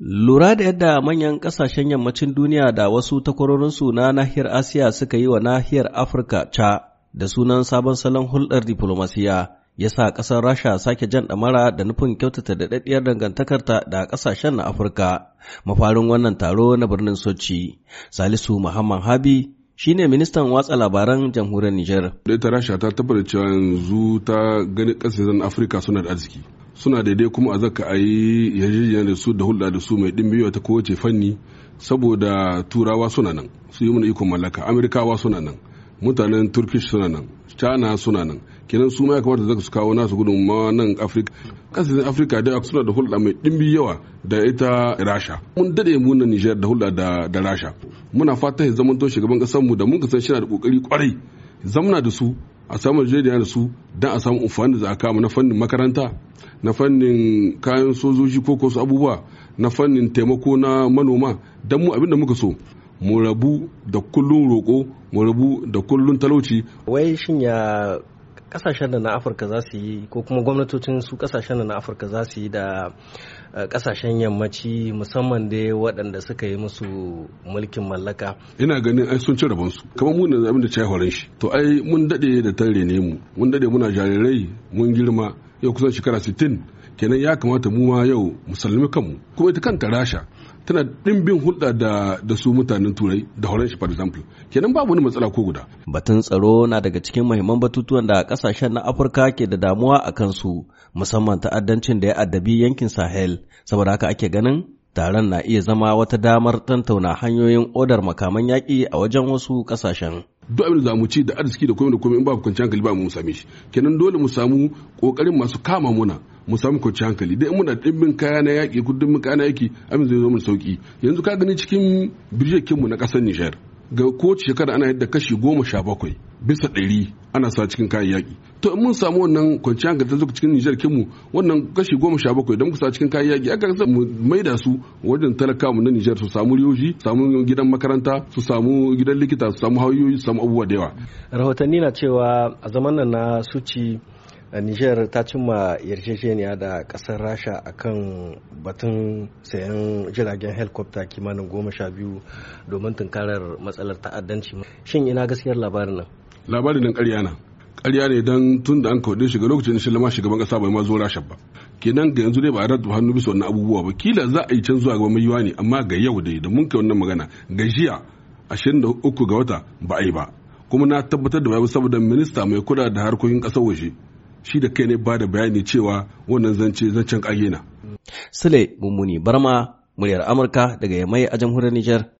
Lura da yadda manyan ƙasashen yammacin duniya da wasu takwarorinsu na nahiyar Asiya suka yi wa nahiyar Afirka ca da sunan sabon salon hulɗar diflomasiya ya sa ƙasar Rasha sake jan ɗamara da nufin kyautata daɗaɗɗiyar dangantakarta da ƙasashen na Afirka. Mafarin wannan taro na birnin Sochi, Salisu Muhammad Habi shi ne ministan watsa labaran jamhuriyar Nijar. Da ita Rasha ta tabbata cewa yanzu ta gani ƙasashen Afirka suna da arziki. suna daidai kuma a zaka a yi yarjejeniya da su da hulɗa da su mai ɗimbi ta kowace fanni saboda turawa suna nan su yi mana ikon mallaka amerikawa suna nan mutanen turkish suna nan china suna nan kenan su ma ya kamata zaka su kawo nasu gudunmawa nan afirka kasashen afirka da suna da hulɗa mai ɗimbi yawa da ita rasha mun dade mu na nijar da hulɗa da rasha muna fata ya zama to shugaban kasar mu da mun kasan shi na da kokari kwarai zamna da su a samu yarjejeniya da su don a samu amfani da za a kama na fannin makaranta na fannin kayan sojoji ko kosu abubuwa na fannin taimako na manoma don mu abin da muka so mu rabu da kullun roƙo mu rabu da kullun talauci wai shin ya kasashen da na afirka za su yi ko kuma gwamnatocin su kasashen da na afirka za su yi da kasashen eh, yammaci musamman da waɗanda suka yi musu mulkin mallaka ina ganin ai sun ci rabonsu kamar mun da abin da shi to ai mun dade da tare ne mu mun dade muna jarirai mun girma yau kusan shekara 60 kenan ya kamata mu ma yau musulmi kanmu kuma ita kanta rasha tana ɗimbin hulɗa da, da su mutanen turai da horon shi for example kenan babu wani matsala ko guda batun tsaro na daga cikin mahimman batutuwan da kasashen na afirka ke da damuwa a kansu musamman ta'addancin da ya addabi yankin sahel saboda haka ake ganin taron na iya zama wata damar tantauna hanyoyin odar makaman yaƙi a wajen wasu ƙasashen. duk abin da zamu ci da arziki da komai da komai in ba kwanciyar hankali ba mu same shi kenan dole mu samu kokarin masu kama muna mu samu kwanciyar hankali dai muna dimbin kaya na yaki kudin dimbin kaya na yaki abin zai zo mu sauki yanzu ka gani cikin birjekin mu na kasar Nijar ga kowace shekara ana yadda kashi goma sha bakwai bisa ɗari ana sa cikin kayan yaƙi to in mun samu wannan kwanciyar ga tazuka cikin nijar kinmu wannan kashi goma sha bakwai don kusa cikin kayan yaƙi aka mu maida su wajen talaka mu na nijar su samu riyoshi samu gidan makaranta su samu gidan likita su samu hauyoyi su samu abubuwa da yawa rahotanni na cewa a zaman nan na suci Nijar ta cimma yarjejeniya da kasar Rasha a kan batun sayan jiragen helikwafta kimanin goma sha biyu domin tunkarar matsalar ta'addanci. Shin ina gaskiyar labarin nan? Labarin nan ƙarya na. Ƙarya ne don tun da an kawo shiga lokacin shi lama shugaban ƙasa bai ma zo Rasha ba. kenan ga yanzu dai ba a rarraba hannu bisa wannan abubuwa ba kila za a yi can zuwa ga mai ne amma ga yau dai da mun kai wannan magana ga jiya 23 ga wata ba a yi ba kuma na tabbatar da babu saboda minista mai kula da harkokin kasar waje shi da kai ne ba da bayani cewa wannan zance zancen ƙage na. Sule Mummuni Barma, muryar Amurka daga Yamai a jamhuriyar Nijar.